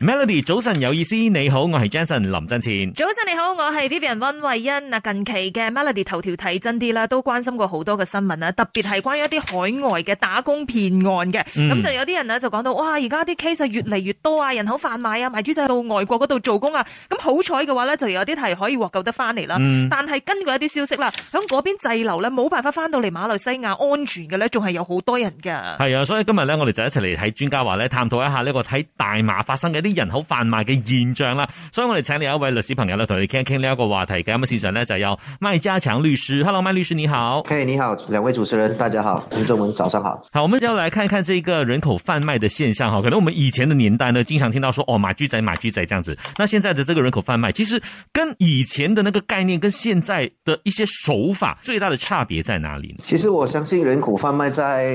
Melody，早晨有意思，你好，我係 Jason 林振前。早晨你好，我係 Vivian 溫慧欣啊。近期嘅 Melody 頭條睇真啲啦，都關心過好多嘅新聞啦，特別係關於一啲海外嘅打工騙案嘅，咁、嗯、就有啲人呢就講到，哇，而家啲 case 越嚟越多啊，人口販賣啊，賣豬仔到外國嗰度做工啊，咁好彩嘅話呢，就有啲係可以獲救得翻嚟啦，但係根據一啲消息啦，響嗰邊滯留呢，冇辦法翻到嚟馬來西亞安全嘅呢，仲係有好多人噶。係啊，所以今日呢，我哋就一齊嚟睇專家話呢，探討一下呢個喺大馬發生嘅人口販賣嘅現象啦，所以我哋請你一位律師朋友咧，同你傾一傾呢一個話題嘅咁啊。事實上咧，就有麥嘉強律師，Hello，麥律師你好，Hey，你好，兩位主持人，大家好，聽眾們，早上好。好，我們要來看一看呢一個人口販賣嘅現象，哈，可能我們以前的年代呢，經常聽到說哦，賣豬仔，賣豬仔這樣子。那現在的這個人口販賣，其實跟以前的那個概念，跟現在的一些手法，最大的差別在哪裡呢？其實我相信人口販賣在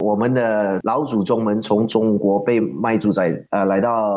我們的老祖宗們從中國被賣豬仔，啊、呃，來到。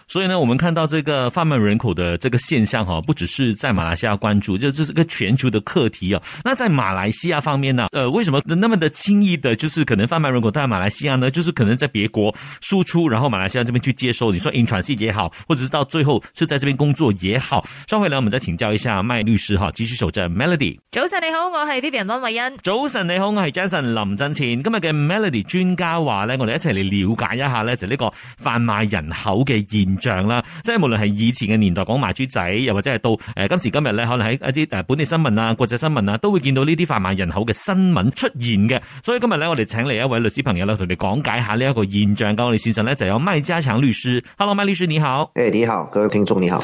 所以呢，我們看到這個販賣人口的這個現象，哈，不只是在馬來西亞關注，就這是個全球的課題啊。那在馬來西亞方面呢，呃，為什麼那麼的輕易的，就是可能販賣人口到馬來西亞呢？就是可能在別國輸出，然後馬來西亞這邊去接收。你說 in transit 也好，或者是到最後是在這邊工作也好。稍後呢，我們再請教一下麥律師，哈，繼續守着 Melody。早晨你好，我是 Pepi 溫慧欣。早晨你好，我是 Jason 林振千。今日嘅 Melody 專家話呢，我哋一齊嚟了解一下呢，就呢個販賣人口嘅現。像啦，即係無論係以前嘅年代講賣豬仔，又或者係到誒今時今日咧，可能喺一啲誒本地新聞啊、國際新聞啊，都會見到呢啲販賣人口嘅新聞出現嘅。所以今日咧，我哋請嚟一位律師朋友咧，同你講解下呢一個現象。咁我哋線上咧就有麥嘉強律師，Hello，麥律師你好。誒、hey，你好，各位聽眾你好。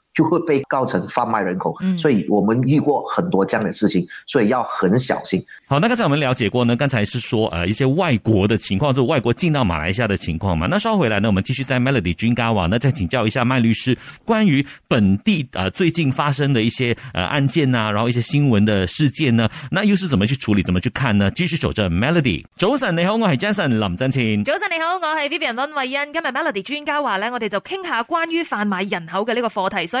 就會被告成販賣人口，所以我們遇過很多這樣的事情，所以要很小心。嗯、好，那剛才我們了解過呢，剛才是說，呃一些外國的情況，就是、外國進到馬來西亞的情況嘛。那稍後回來呢，我們繼續在 Melody 專家話，那再請教一下麥律師，關於本地，呃最近發生的一些，呃案件啊，然後一些新聞的事件呢，那又是怎麼去處理，怎麼去看呢？繼續守着 Melody。早晨，你好，我係 Jason，林振清。早晨，你好，我係 Vivian 溫慧欣，今日 Melody 專家話呢，我哋就傾下關於販賣人口嘅呢個課題，所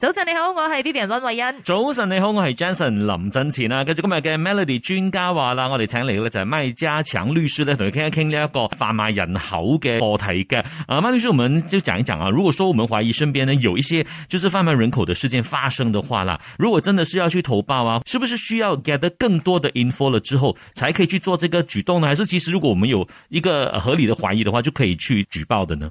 早晨你好，我是 BB 溫慧恩。早晨你好，我是 Johnson 林振前啊。跟住今日嘅 Melody 專家話啦，我哋請嚟嘅咧就係麥家強律師咧，同佢傾一傾呢一個販賣人口嘅課題嘅。阿、啊、麥律師，我們就講一講啊。如果說我們懷疑身邊呢有一些就是販賣人口嘅事件發生嘅話啦，如果真的是要去投報啊，是不是需要 get 得更多的 info 了之後，才可以去做這個舉動呢？還是其實如果我們有一個合理的懷疑嘅話，就可以去舉報的呢？